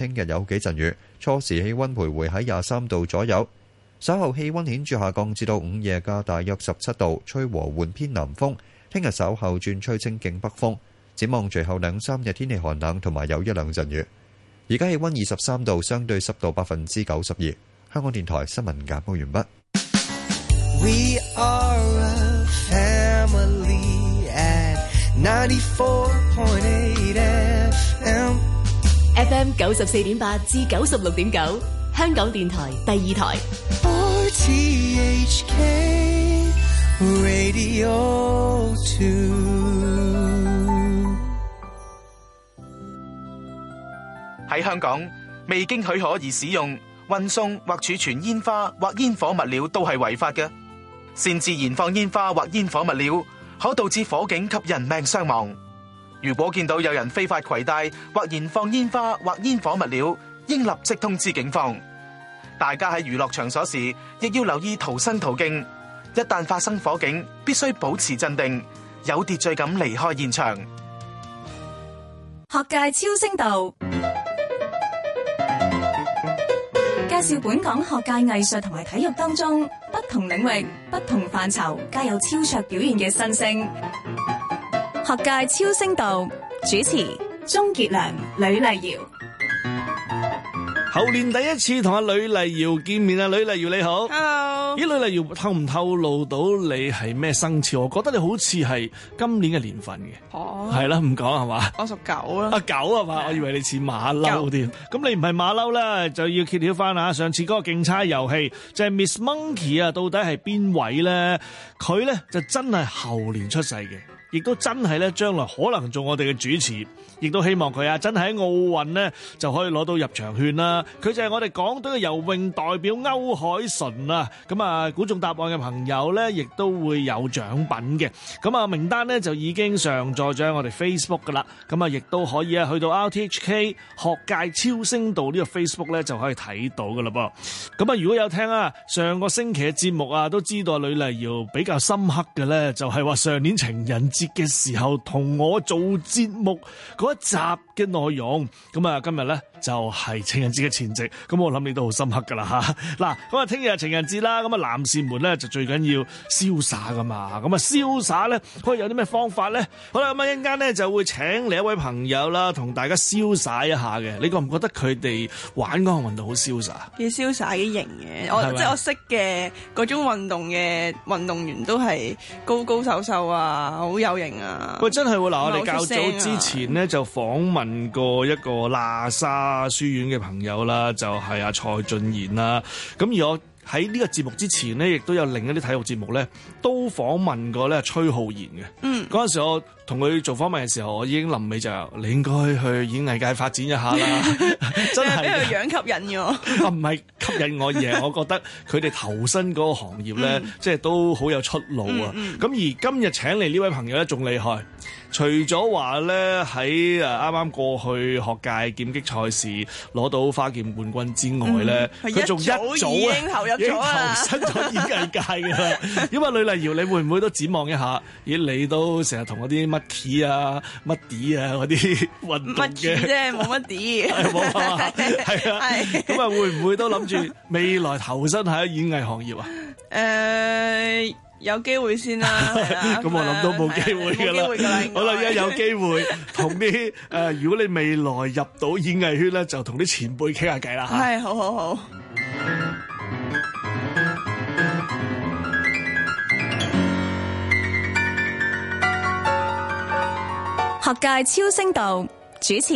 聽日有幾陣雨，初時氣溫徘徊喺廿三度左右，稍後氣溫顯著下降至到午夜加大約十七度，吹和緩偏南風。聽日稍後轉吹清勁北風，展望隨後兩三日天氣寒冷同埋有一兩陣雨。而家氣溫二十三度，相對濕度百分之九十二。香港電台新聞簡報完畢。FM 九十四點八至九十六點九，香港電台第二台。RTHK Radio Two。喺香港，未經許可而使用、運送或儲存煙花或煙火物料都係違法嘅。擅自燃放煙花或煙火物料，可導致火警及人命傷亡。如果見到有人非法攜帶或燃放煙花或煙火物料，應立即通知警方。大家喺娛樂場所時，亦要留意逃生途徑。一旦發生火警，必須保持鎮定，有秩序咁離開現場。學界超星度介紹本港學界、藝術同埋體育當中不同領域、不同範疇皆有超卓表現嘅新星。學界超星道主持鍾傑良、呂麗瑤，猴年第一次同阿呂麗瑤見面，啊，呂麗瑤你好，Hello。咦，呂麗瑤透唔透露到你係咩生肖？我覺得你好似係今年嘅年份嘅，哦、oh.，係啦，唔講係嘛，我屬、啊啊、狗啦，阿狗係嘛，的我以為你似馬騮添。咁你唔係馬騮啦，就要揭曉返啊。上次嗰個競猜遊戲，就係、是、Miss Monkey 啊，到底係邊位咧？佢咧就真係猴年出世嘅。亦都真係咧，將來可能做我哋嘅主持，亦都希望佢啊，真係喺奧運咧就可以攞到入場券啦。佢就係我哋港隊嘅游泳代表歐鎧淳啊。咁啊，估中答案嘅朋友咧，亦都會有獎品嘅。咁啊，名單咧就已經上載咗我哋 Facebook 噶啦。咁啊，亦都可以啊去到 RTHK 學界超星道個呢個 Facebook 咧就可以睇到噶啦噃。咁啊，如果有聽啊上個星期嘅節目啊，都知道呂麗瑤比較深刻嘅咧，就係話上年情人節節嘅時候同我做節目嗰一集嘅內容，咁啊今日咧就係、是、情人節嘅前夕，咁我諗你都好深刻噶啦吓，嗱咁啊聽日情人節啦，咁啊男士們咧就最緊要瀟灑噶嘛，咁啊瀟灑咧可以有啲咩方法咧？好啦咁一陣間咧就會請嚟一位朋友啦，同大家瀟灑一下嘅，你覺唔覺得佢哋玩嗰項運動好瀟灑？幾瀟灑幾型嘅，我即係吧我識嘅嗰種運動嘅運動員都係高高瘦瘦啊，好有。啊！ 喂，真係喎，嗱， 我哋較早之前咧 就訪問過一個喇沙書院嘅朋友啦，就係、是、阿、啊、蔡俊賢啦，咁而我。喺呢個節目之前咧，亦都有另一啲體育節目咧，都訪問過咧崔浩然嘅。嗯，嗰陣時我同佢做訪問嘅時候，我已經臨尾就你應該去演藝界發展一下啦， 真係的 樣吸引嘅。唔 係、啊、吸引我而我覺得佢哋投身嗰個行業咧，嗯、即係都好有出路啊。咁、嗯嗯、而今日請嚟呢位朋友咧，仲厲害。除咗話咧喺啊啱啱過去學界劍擊賽事攞到花劍冠軍之外咧，佢仲、嗯、一早已經，投入已經投身咗演藝界嘅。咁啊、 嗯，呂麗瑤，你會唔會都展望一下？咦，你都成日同嗰啲乜 key 啊、乜啲啊嗰啲運動嘅啫，冇乜啲係啊，係啊，咁啊，會唔會都諗住未來投身喺演藝行業啊？誒、 嗯、～、呃有機會先啦，咁我諗都冇機會嘅啦。好啦，而家好有機會同啲誒，如果你未來入到演藝圈咧，就同啲前輩傾下偈啦。係 好好好。學界超聲道主持：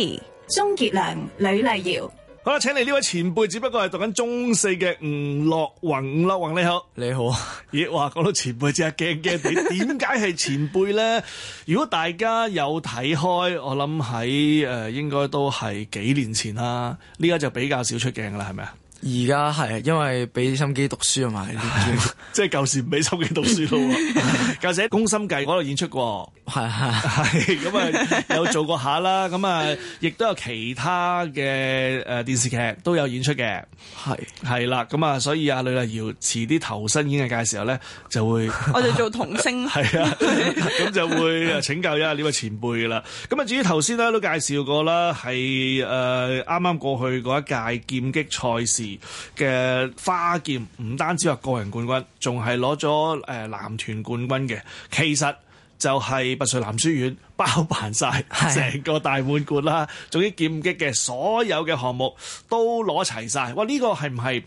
鍾傑 良、呂麗瑤。好啦，請嚟呢位前輩，只不過係讀緊中四嘅吳諾弘。吳諾弘你好，你好啊。咦，話講到前輩，只係驚驚哋。點解係前輩咧？ 如果大家有睇開，我諗喺誒，應該都係幾年前啦，呢家就比較少出鏡啦，係咪啊？而家係，因為俾心機讀書啊嘛， 即係舊時唔俾心機讀書咯。加上《宮心計》嗰度演出過，係係係，咁啊有做過下啦，咁啊亦都有其他嘅誒電視劇都有演出嘅，係係啦，咁啊所以阿呂麗瑤遲啲投身演藝界嘅時候咧就會， 我哋做童星。係 啊，咁就會請教一下呢位前輩啦。咁啊至於頭先咧都介紹過啦，係誒啱啱過去嗰一屆劍擊賽事。嘅花劍唔單止係個人冠軍，仲係攞咗誒男團冠軍嘅。其實就係拔萃男書院包辦晒成個大滿貫啦，總之，劍擊嘅所有嘅項目都攞齊晒。哇！呢、這個係唔係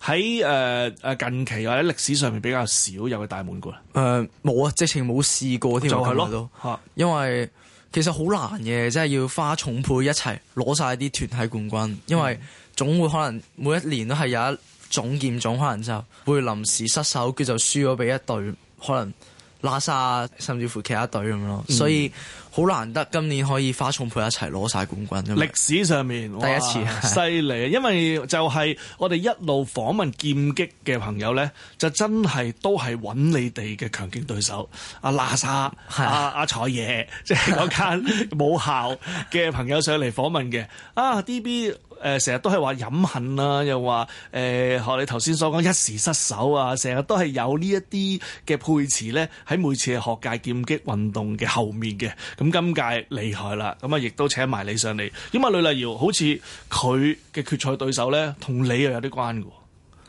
喺誒誒近期或者歷史上面比較少有嘅大滿貫？誒、呃，冇啊，直情冇試過添。就係咯，吓，因為其實好難嘅，即係、啊、要花重配一齊攞晒啲團體冠軍，嗯、因為。總會可能每一年都係有一種劍種，可能就會臨時失手，佢就輸咗俾一隊，可能喇沙甚至乎其他隊咁咯。嗯、所以好難得今年可以花重佩一齊攞晒冠軍。歷史上面、wow, 第一次，犀利！因為就係我哋一路訪問劍擊嘅朋友咧，就真係都係揾你哋嘅強勁對手，阿喇沙、阿阿彩爺，即係嗰間武校嘅朋友上嚟訪問嘅啊，DB。誒成日都係話飲恨啊，又話誒、呃、學你頭先所講一時失手啊，成日都係有呢一啲嘅配詞咧，喺每次學界劍擊運動嘅後面嘅。咁、嗯、今屆厲害啦，咁啊亦都請埋你上嚟，因為呂麗瑤好似佢嘅決賽對手咧，同你又有啲關嘅。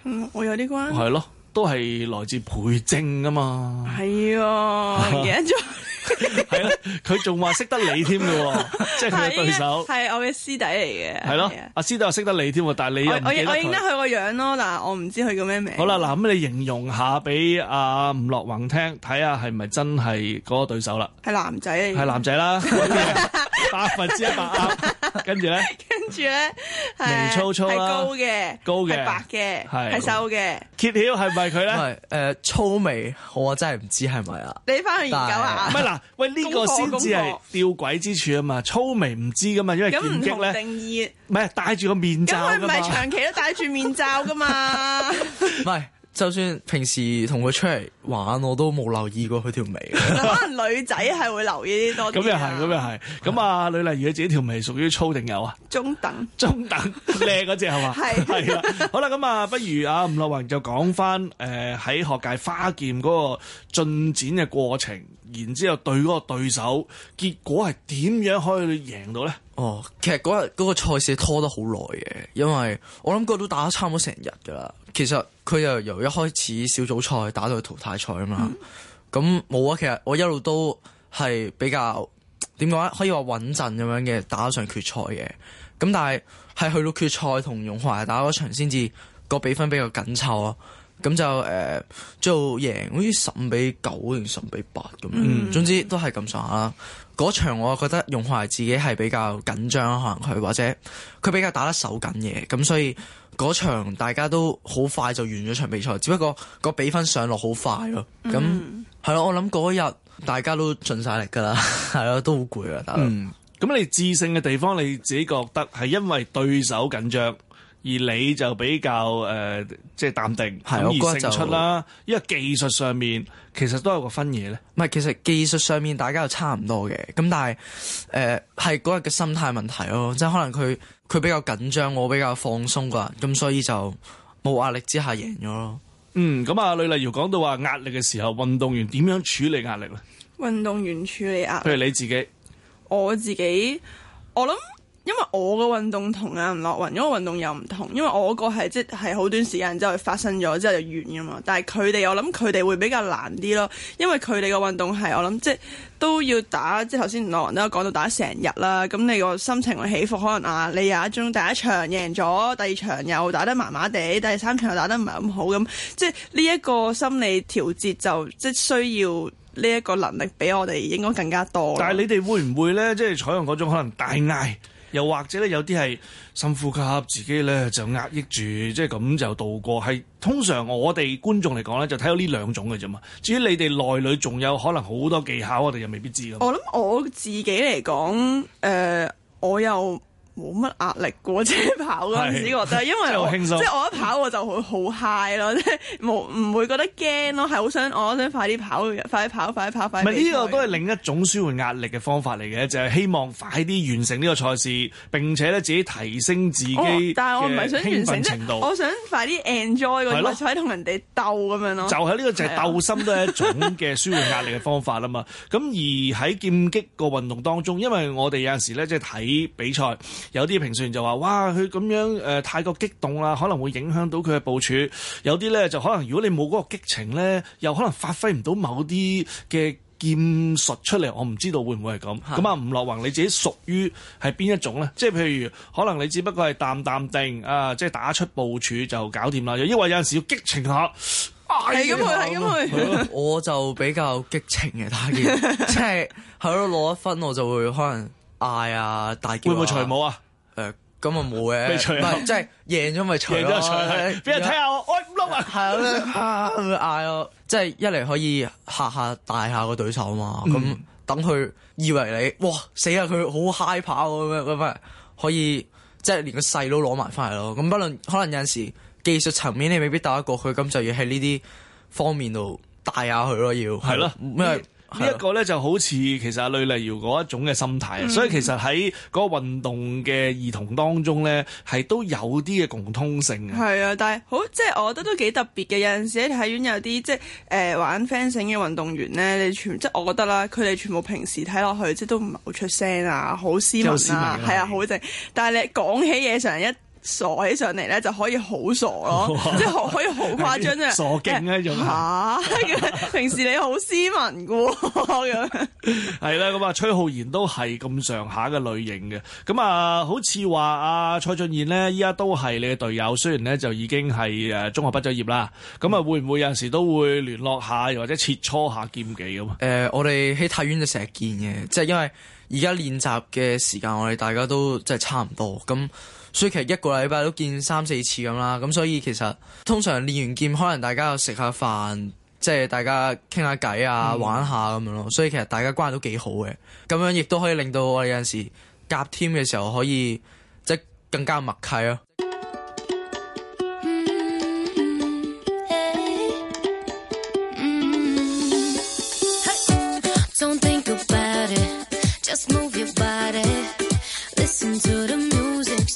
嗯，我有啲關。係咯、哦，都係來自培正啊嘛。係啊， 係咯，佢仲話識得你添㗎， 即係佢嘅對手，係我嘅師弟嚟嘅。係咯了，阿師弟又識得你添，但係你又記得佢。我我認得佢個樣咯，嗱，我唔知佢叫咩名。好啦，嗱，咁你形容下俾阿吳諾弘聽，睇下係咪真係嗰個對手啦。係男仔嚟，係男仔啦， 百分之一百。 跟住咧，跟住咧， 係粗粗啦，啊，係高嘅，高嘅的，白嘅，係，係瘦嘅。揭曉係唔係佢咧？誒、呃、粗眉，我真係唔知係咪啊！你翻去研究下。唔係，嗱，喂呢，這個先至係吊詭之處啊嘛！粗眉唔知噶嘛，因為咁唔同定義。唔係戴住個面罩。咁佢唔係長期都戴住面罩噶嘛？唔係。就算平時同佢出嚟玩，我都冇留意過佢條眉。可能女仔係會留意啲多啲，啊。 咁又係，咁又係。咁啊，呂麗瑤嘅自己條眉屬於粗定幼啊？中等，中等，靚嗰隻係嘛？係。係啦的， 好啦，咁啊，不如啊吳諾弘就講翻誒喺學界花劍嗰個進展嘅過程，然之後對嗰個對手，結果係點樣可以贏到咧？哦，其實嗰日嗰個賽事拖得好耐嘅，因為我諗嗰日都打差唔多成日噶啦，其實。佢又由一開始小組賽打到去淘汰賽啊嘛，咁冇啊。其實我一路都係比較點講，可以話穩陣咁樣嘅打上決賽嘅。咁但係係去到決賽同容華打嗰場先至個比分比較緊湊咯。咁就誒做、呃、贏好似十五比九定十五比八咁樣，嗯、總之都係咁上下啦。嗰場我覺得容華自己係比較緊張，可能佢或者佢比較打得手緊嘅，咁所以嗰場大家都好快就完咗場比賽，只不過個比分上落好快咯。咁係咯，我諗嗰日大家都盡晒力㗎啦，係 咯，都好攰啊打。咁、嗯、你致勝嘅地方，你自己覺得係因為對手緊張？而你就比較誒，uh, 即係淡定，的而勝出啦。因為技術上面其實都有個分嘢咧。唔係，其實技術上面大家又差唔多嘅。咁但係誒，係嗰日嘅心態問題咯。即係可能佢佢比較緊張，我比較放鬆啩。咁所以就冇壓力之下贏咗咯。嗯，咁啊，呂麗瑤講到話壓力嘅時候，運動員點樣處理壓力咧？運動員處理壓力，譬如你自己，我自己，我諗。因為我個運動同啊吳諾弘嗰個運動又唔同，因為我個係即係好短時間之後發生咗之後就完噶嘛。但係佢哋我諗佢哋會比較難啲咯，因為佢哋個運動係我諗即係都要打，即係頭先吳諾弘都有講到打成日啦。咁你個心情會起伏，可能啊你有一種第一場贏咗，第二場又打得麻麻地，第三場又打得唔係咁好咁，即係呢一個心理調節就即係需要呢一個能力比我哋應該更加多。但係你哋會唔會呢？即係採用嗰種可能大嗌？又或者咧，有啲係深呼吸，自己咧就壓抑住，即係咁就度過。係通常我哋觀眾嚟講咧，就睇到呢兩種嘅啫嘛。至於你哋內裏仲有可能好多技巧，我哋又未必知。我諗我自己嚟講，誒、呃，我又。冇乜壓力嘅，即係跑嗰陣時覺得，是對因為即係我一跑我就會好 high 咯， 即係冇唔會覺得驚咯，係好想我想快啲跑，快啲跑，快啲跑，快啲。咪呢、呢個都係另一種舒緩壓力嘅方法嚟嘅，就係、是、希望快啲完成呢個賽事，並且咧自己提升自己、哦、但係我唔係想完成程度。我想快啲 enjoy 個比賽同人哋鬥咁樣咯。樣啊、就喺呢個就係鬥心都係咯一種嘅舒緩壓力嘅方法啦嘛。咁 而喺劍擊個運動當中，因為我哋有陣時咧即係睇比賽。有啲評述員就話，哇，佢咁樣誒、呃，太過激動啦，可能會影響到佢嘅部署。有啲咧就可能，如果你冇嗰個激情咧，又可能發揮唔到某啲嘅劍術出嚟。我唔知道會唔會係咁。咁啊是，吳諾弘，你自己屬於係邊一種咧？即係譬如，可能你只不過係淡淡定啊、呃，即係打出部署就搞掂啦。又抑或有陣時要激情下，係咁啊，係咁啊。 我就比較激情嘅打劍，即係喺度攞一分，我就，就會可能。.嗌啊！大叫會唔會除帽啊？誒，咁啊冇嘅，唔係即係贏咗咪除咯？贏咗除，俾人睇下我愛五碌啊！係啊，吓佢嗌我，即係一嚟可以嚇下大下個對手嘛。咁等佢以為你，哇死啊！佢好 high 跑咁樣咁樣，可以即係連個細佬攞埋翻嚟咯。咁不論可能有陣時技術層面你未必打得過佢，咁就要喺呢啲方面度帶下佢咯。要係咯，咩？呢一個咧，就好似其實阿呂麗瑤一種嘅心態啊，嗯、所以其實喺個運動嘅兒童當中咧，係都有啲嘅共通性嘅。係啊，但係好即係我覺得都幾特別嘅。有陣時喺體院有啲即係誒、呃、玩 fencing 嘅運動員咧，你全即係我覺得啦，佢哋全部平時睇落去即係都唔係好出聲啊，好斯文啊，係啊，好的的正，但係你講起嘢成日一傻起上嚟咧，就可以好傻咯，哇 即係可以好誇張啫。的傻勁呢種吓，平時你好斯文噶，係啦。 咁啊，崔浩然都係咁上下嘅類型嘅。咁啊、呃，好似話阿蔡俊賢呢，依家都係你嘅隊友。雖然呢，就已經係誒中學畢咗業啦，咁啊會唔會有陣時都會聯絡下，又或者切磋下劍技咁誒，我哋喺太遠就成日見嘅，即、就、係、是、因為而家練習嘅時間我哋大家都即係差唔多咁。所以其實一個禮拜都見三四次咁啦，咁所以其實通常練完劍，可能大家又食下飯，即係大家傾下偈啊，嗯、玩下咁樣咯。所以其實大家關係都幾好嘅，咁樣亦都可以令到我哋有陣時夾 team 嘅時候可以即係更加默契咯、啊。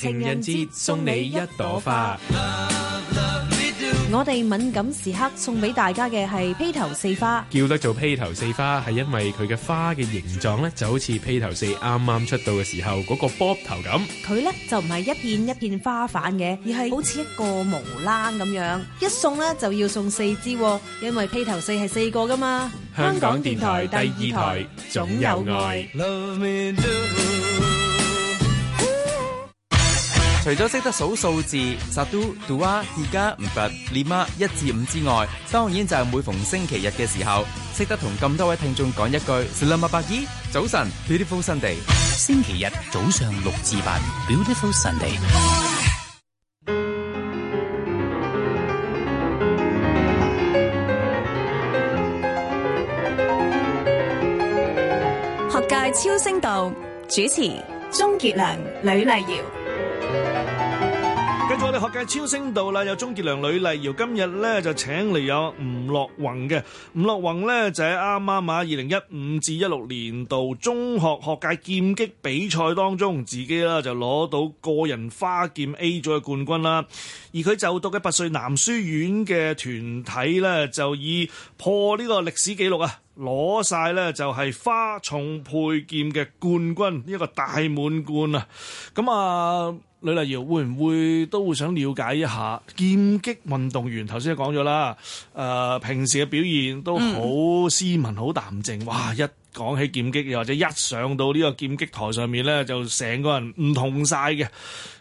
情人節送你一朵花，我哋敏感時刻送俾大家嘅係披頭四花，叫得做披頭四花係因為佢嘅花嘅形狀咧就好似披頭四啱啱出道嘅時候嗰個波頭咁。佢咧就唔係一片一片花瓣嘅，而係好似一個毛冷咁樣，一送咧就要送四支，因為披頭四係四個噶嘛。香港電台第二台總有愛。除咗識得數數字、satu dua tiga empat lima，一至五之外，當然就係每逢星期日嘅時候，識得同咁多位聽眾講一句 Selamat pagi，早晨，Beautiful Sunday。星期日早上六至八，Beautiful Sunday。學界超聲道主持鍾傑良、呂麗瑤。我哋學界超星度啦，有鍾傑良女麗、呂麗瑤，今日咧就請嚟有吳諾弘嘅。吳諾弘咧就喺啱啱喺二零一五至一六年度中學學界劍擊比賽當中，自己啦就攞到個人花劍 A 組嘅冠軍啦。而佢就讀嘅拔萃男書院嘅團體咧，就以破呢個歷史紀錄啊，攞晒咧就係花重佩劍嘅冠軍，一、這個大滿貫啊！咁啊～呂麗瑤會唔會都會想了解一下劍擊運動員？頭先都講咗啦，誒、呃，平時嘅表現都好斯文、好、嗯、淡靜。哇，一講起劍擊又或者一上到呢個劍擊台上面咧，就成個人唔同晒嘅。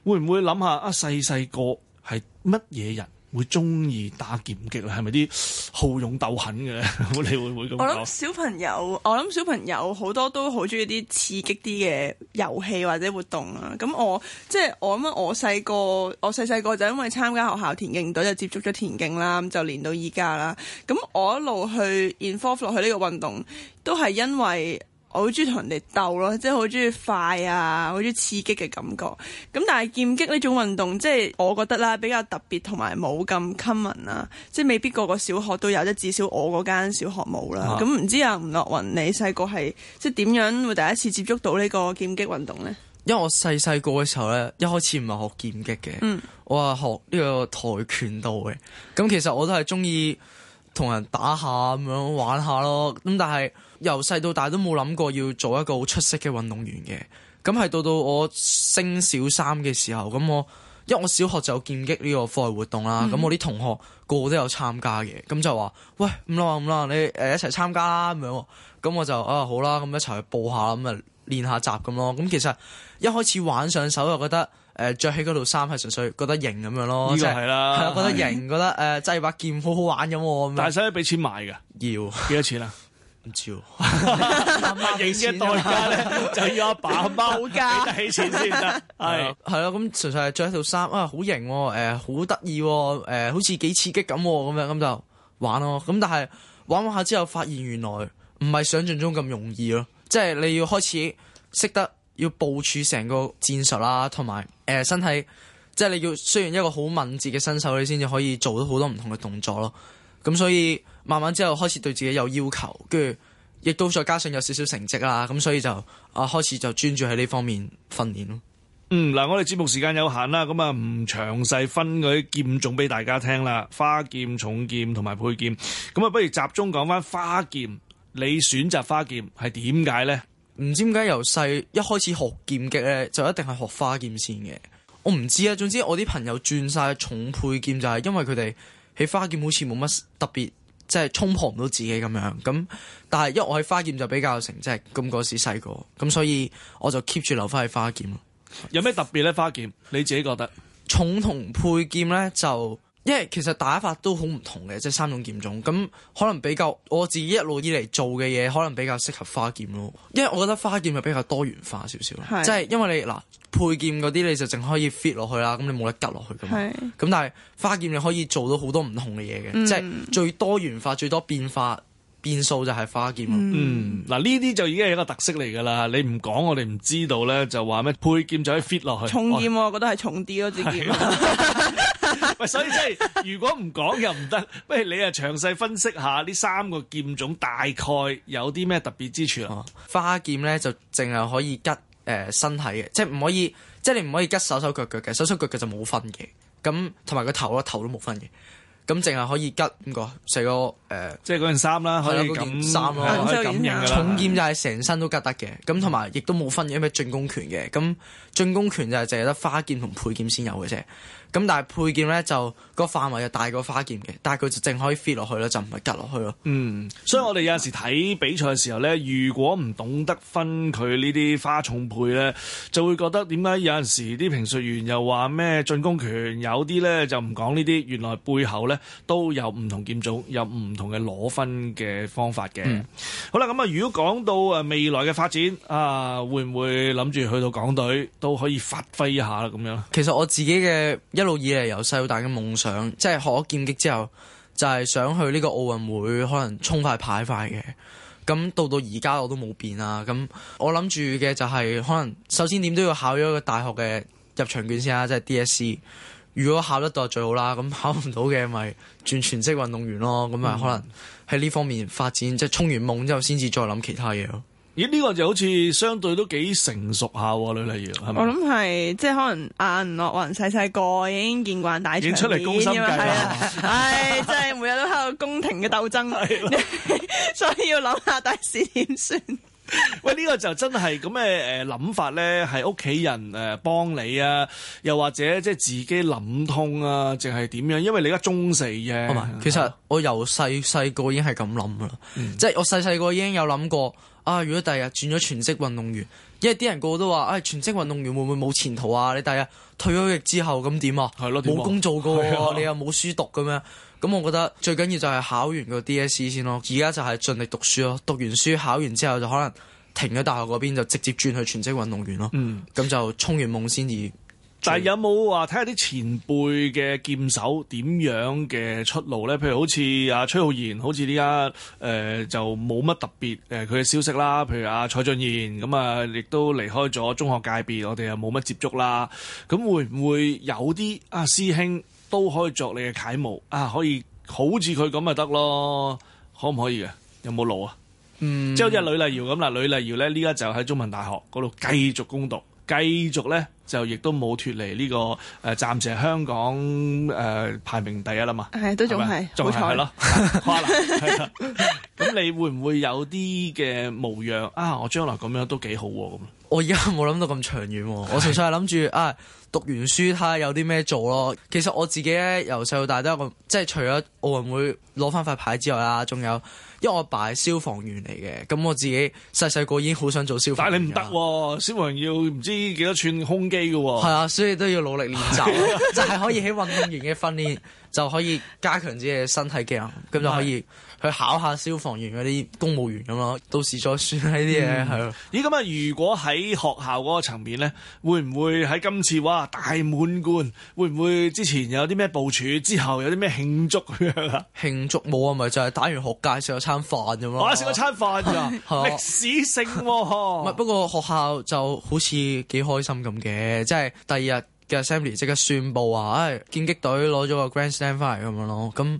會唔會諗下啊？細細個係乜嘢人？會中意打劍擊咧，係咪啲好勇鬥狠嘅？會 你會唔會咁講？我諗小朋友，我諗小朋友好多都好中意啲刺激啲嘅遊戲或者活動啊！咁我即係我諗我細個，我細細個就因為參加學校田徑隊就接觸咗田徑啦，就練到依家啦。咁我一路去 involve 落去呢個運動，都係因為。我好中意同人哋鬥咯，即係好中意快啊，好中意刺激嘅感覺。咁但係劍擊呢種運動，即係我覺得啦，比較特別同埋冇咁 common 啦，即係未必個個小學都有，即至少我嗰間小學冇啦。咁唔、啊、知阿吳諾弘，你細個係即係點樣會第一次接觸到呢個劍擊運動呢？因為我細細個嘅時候呢，一開始唔係學劍擊嘅，嗯、我係學呢個跆拳道嘅。咁其實我都係中意。同人打下咁樣玩下咯，咁但係由細到大都冇諗過要做一個好出色嘅運動員嘅，咁係到到我升小三嘅時候，咁我因為我小學就有劍擊呢個課外活動啦，咁、嗯、我啲同學個個都有參加嘅，咁就話：喂，唔啦唔啦，你誒一齊參加啦咁樣，咁我就啊好啦，咁一齊去報下，咁啊練下習咁咯。咁其實一開始玩上手又覺得。誒，着起嗰套衫係純粹覺得型咁樣咯，呢個係啦，覺得型，覺得誒，揸住把劍好好玩咁。但係使唔使俾錢買嘅？要，幾多錢啊？唔知。買嘢嘅代價咧，就要阿爸阿媽好加俾錢先得。係係咯，咁純粹係着一套衫啊，好型，誒，好得意，誒，好似幾刺激咁，咁樣咁就玩咯。咁但係玩玩下之後，發現原來唔係想象中咁容易咯，即係你要開始識得。要部署成個戰術啦，同埋誒身體，即係你要雖然一個好敏捷嘅身手，你先至可以做到好多唔同嘅動作咯。咁所以慢慢之後開始對自己有要求，跟住亦都再加上有少少成績啦。咁所以就，啊開始就專注喺呢方面訓練咯。嗯，嗱，我哋節目時間有限啦，咁啊唔詳細分嗰啲劍種俾大家聽啦。花劍、重劍同埋佩劍，咁啊不如集中講翻花劍。你選擇花劍係點解呢？唔知點解由細一開始學劍擊咧，就一定係學花劍先嘅。我唔知啊，總之我啲朋友轉晒重配劍就係因為佢哋喺花劍好似冇乜特別，即係沖破唔到自己咁樣。咁但係因為我喺花劍就比較有成績，咁嗰時細個，咁所以我就 keep 住留翻喺花劍咯。有咩特別呢？花劍你自己覺得重同配劍呢？就？因為其實打法都好唔同嘅，即係三種劍種咁，可能比較我自己一路以嚟做嘅嘢，可能比較適合花劍咯。因為我覺得花劍就比較多元化少少，即係因為你嗱配劍嗰啲，你就淨可以 fit 落去啦，咁你冇得吉落去㗎嘛。咁是但係花劍你可以做到好多唔同嘅嘢嘅，即係、嗯、最多元化、最多變化變數就係花劍。嗯，嗱呢啲就已經係一個特色嚟㗎啦。你唔講我哋唔知道咧，就話咩配劍就可以 fit 落去重劍、啊，嗯、我覺得係重啲咯，自己、啊。 喂， 所以即係如果唔講又唔得，不如你啊詳細分析下呢三個劍種大概有啲咩特別之處咯，啊？花劍咧就淨係可以吉，誒、呃、身體嘅，即係唔可以，即係你唔可以吉手手腳腳嘅，手手腳腳就冇分嘅。咁同埋個頭咯，頭都冇分嘅。咁淨係可以吉邊個成個，誒、呃、即係嗰件衫啦，對可以件衫咯，重劍就係成身都吉得嘅，咁同埋亦都冇分嘅咩進攻權嘅。咁進攻權就係淨係得花劍同佩劍先有嘅啫。咁但係配劍咧就，嗰個範圍又大過花劍嘅，但係佢就淨可以 fit 落去咯，就唔係夾落去咯。嗯，嗯所以我哋有陣時睇比賽嘅時候咧，如果唔懂得分佢呢啲花重配咧，就會覺得點解有陣時啲評述員又話咩進攻權有啲咧就唔講呢啲，原來背後咧都有唔同劍種，有唔同嘅攞分嘅方法嘅。嗯、好啦，咁啊，如果講到誒未來嘅發展啊，會唔會諗住去到港隊都可以發揮一下啦？咁樣，其實我自己嘅。一路以嚟由細到大嘅夢想，即係學咗劍擊之後就係想去呢個奧運會，可能衝塊牌咁嘅。咁到到而家我都冇變啦。咁我諗住嘅就係可能首先點都要考咗個大學嘅入場券先啦，即係 DSE 如果考得到就最好啦，咁考唔到嘅咪轉全職運動員咯。咁咪可能喺呢方面發展，嗯、即係衝完夢之後先至再諗其他嘢咯。咦？呢個就好似相對都幾成熟下喎，你例如，係咪？我諗係即係可能吳諾弘細細個已經見慣大場面，已經出嚟宮心計啊，係真係每日都喺度宮廷嘅鬥爭， 所以要諗下大事點算。喂，呢、呢個就真係咁嘅誒諗法咧，係屋企人誒幫你啊，又或者即係自己諗通啊，淨係點樣？因為你而家中四啫，唔係、哦、吧其實我由細細個已經係咁諗㗎啦，即係、嗯、我細細個已經有諗過。啊！如果第日轉咗全職運動員，因為啲人個個都話：唉、啊，全職運動員會唔會冇前途啊？你第日退咗役之後咁點啊？冇、啊、工做過的你又冇書讀咁樣。咁我覺得最緊要就係考完個 DSE 先咯。而家就係盡力讀書咯。讀完書考完之後就可能停咗大學嗰邊，就直接轉去全職運動員咯。嗯。咁就衝完夢先而。但係有冇話睇下啲前輩嘅劍手點樣嘅出路咧？譬如好似阿、啊、崔浩然好，好似呢家誒就冇乜特別誒佢嘅消息啦。譬如阿、啊、蔡俊賢，咁啊亦都離開咗中學界別，我哋又冇乜接觸啦。咁會唔會有啲啊師兄都可以作你嘅楷模啊？可以好似佢咁咪得咯？可唔可以嘅？有冇腦啊？嗯，即好似呂麗瑤咁啦。呂麗瑤咧，依家就喺中文大學嗰度繼續攻讀。 繼續咧就亦都冇脫離呢、這個誒、呃，暫時香港誒、呃、排名第一啦嘛，係都仲係仲係咯，誇啦，係啦，咁 你會唔會有啲嘅模樣啊？我將來咁樣都幾好喎，咁我而家冇諗到咁長遠，我純粹係諗住啊。的讀完書睇下有啲咩做咯，其實我自己咧由細到大都有，個，即係除咗奧運會攞翻塊牌之外啦，仲有，因為我爸係消防員嚟嘅，咁我自己細細個已經好想做消防員。但係你唔得喎，消防員要唔知幾多寸胸肌噶喎。係啊，所以都要努力練習，啊、就係可以喺運動員嘅訓練就可以加強自己嘅身體機能，咁是就可以。去考下消防員嗰啲公務員咁咯，到時再算呢啲嘢係咯。咦、嗯，咁啊的、嗯，如果喺學校嗰個層面咧，會唔會喺今次哇大滿貫？會唔會之前有啲咩部署？之後有啲咩慶祝咁慶祝冇啊，咪就係打完學界食咗餐飯啫嘛。食咗餐飯咋？歷史性、啊。唔係， 不過學校就好似幾開心咁嘅，即、就、係、是、第二日嘅 assembly 即刻宣布話，誒、哎，劍擊隊攞咗個 grandstand 返嚟咁樣咯，咁。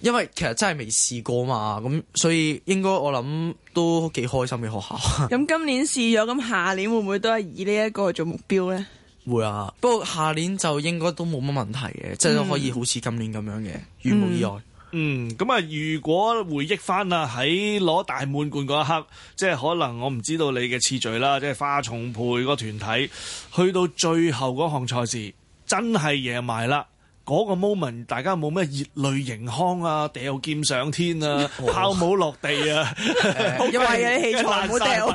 因為其實真係未試過嘛，咁所以應該我諗都幾開心嘅學校。咁今年試咗，咁下年會唔會都係以呢一個做目標呢？會啊，不過下年就應該都冇乜問題嘅，嗯、即係可以好似今年咁樣嘅，如無意外。嗯，咁啊，如果回憶翻啊，喺攞大滿貫嗰一刻，即係可能我唔知道你嘅次序啦，即係花重佩個團體去到最後嗰項賽事，真係贏埋啦。嗰個 moment，大家冇咩熱淚盈眶啊，掉劍上天啊，炮帽、哦、落地啊，因為你起錯唔好掉。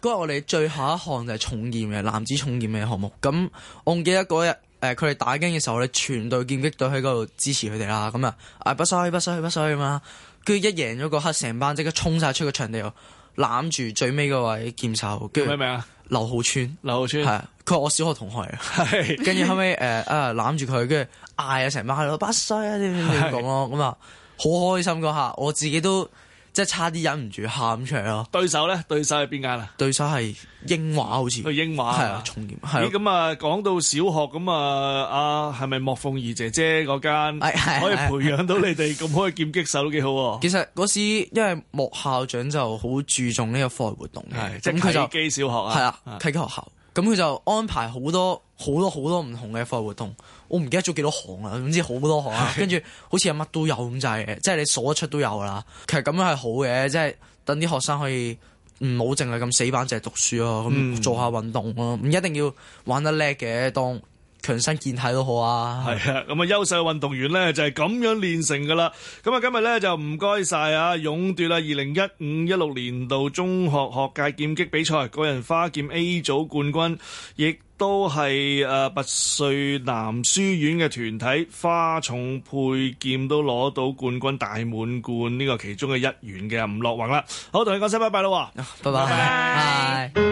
嗰日我哋最後一項就係重劍嘅男子重劍嘅項目。咁我仲記得嗰日，誒佢哋打緊嘅時候咧，我哋全隊劍擊隊喺嗰度支持佢哋啦。咁啊、哎，不衰不衰不衰啊嘛。跟住一贏咗嗰刻成班，即刻衝晒出個場地度攬住最尾嗰位劍手，明唔明啊？著劉浩川，劉浩川係啊，佢話我小學同學嚟，跟住 後尾，誒啊攬住佢，跟住嗌啊成班老不衰啊，點點點講咯，咁 啊好是開心嗰下，我自己都。即係差啲忍唔住喊出嚟咯！對手咧，對手係邊間啊？對手係英華好似。對英華，係啊，重劍。咦，咁啊，講到小學咁啊，阿係咪莫鳳儀姐姐嗰間、哎、可以培養到你哋咁可以劍擊手都幾好啊？其實嗰時因為莫校長就好注重呢個課外活動嘅，咁佢是就啟基小學啊，係啊，啟基學校咁佢就安排好多好多好多好多唔同嘅課外活動。我唔記得做幾多行啊，總之是好多行，跟住好似乜都有咁滯，即係你數得出都有啦。其實咁樣係好嘅，即係等啲學生可以唔好淨係咁死板，淨係讀書啊，咁、嗯、做下運動咯、啊，唔一定要玩得叻嘅，當強身健體都好啊。係啊，咁啊，優秀運動員咧就係、是、咁樣練成噶啦。咁啊，今日咧就唔該晒啊，勇奪啊二零一五一六年度中學學界劍擊比賽個人花劍 A 組冠軍，亦。都係誒、呃、拔萃男書院嘅團體，花重佩劍都攞到冠軍大滿貫呢、呢個其中嘅一員嘅，吳諾弘啦。好，同你講聲拜拜啦，拜拜。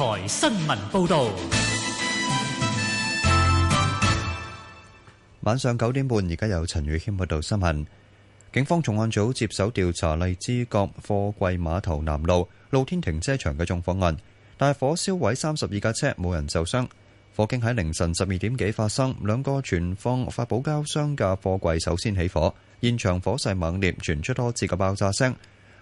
台新聞報導，晚上九點半，而家有陳宇軒去到新聞。警方重案組接手調查荔枝角貨櫃碼頭南路露天停車場嘅縱火案，大火燒毀三十二架車，冇人受傷。火警喺凌晨十二點幾發生，兩個存放發泡膠箱嘅貨櫃首先起火，現場火勢猛烈，傳出多次嘅爆炸聲。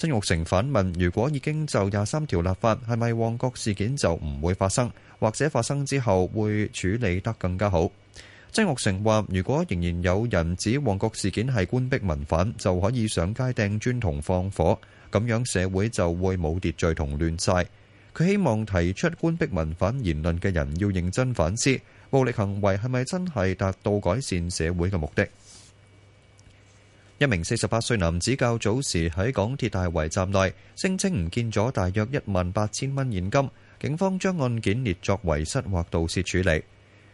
曾玉成反問：如果已經就廿三條立法，係咪旺角事件就唔會發生，或者發生之後會處理得更加好？曾玉成話：如果仍然有人指旺角事件係官逼民反，就可以上街掟磚同放火，咁樣社會就會冇秩序同亂晒。佢希望提出官逼民反言論嘅人要認真反思，暴力行為係咪真係達到改善社會嘅目的？一名四十八歲男子較早時喺港鐵大圍站內聲稱唔見咗大約一萬八千蚊現金，警方將案件列作遺失或盜竊處理。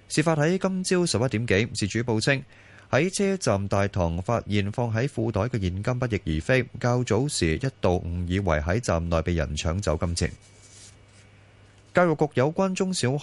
事發喺今朝十一點幾，事主報稱喺車站大堂發現放喺褲袋嘅現金不翼而飛，較早時一度誤以為喺站內被人搶走金錢。教育局有關中小學。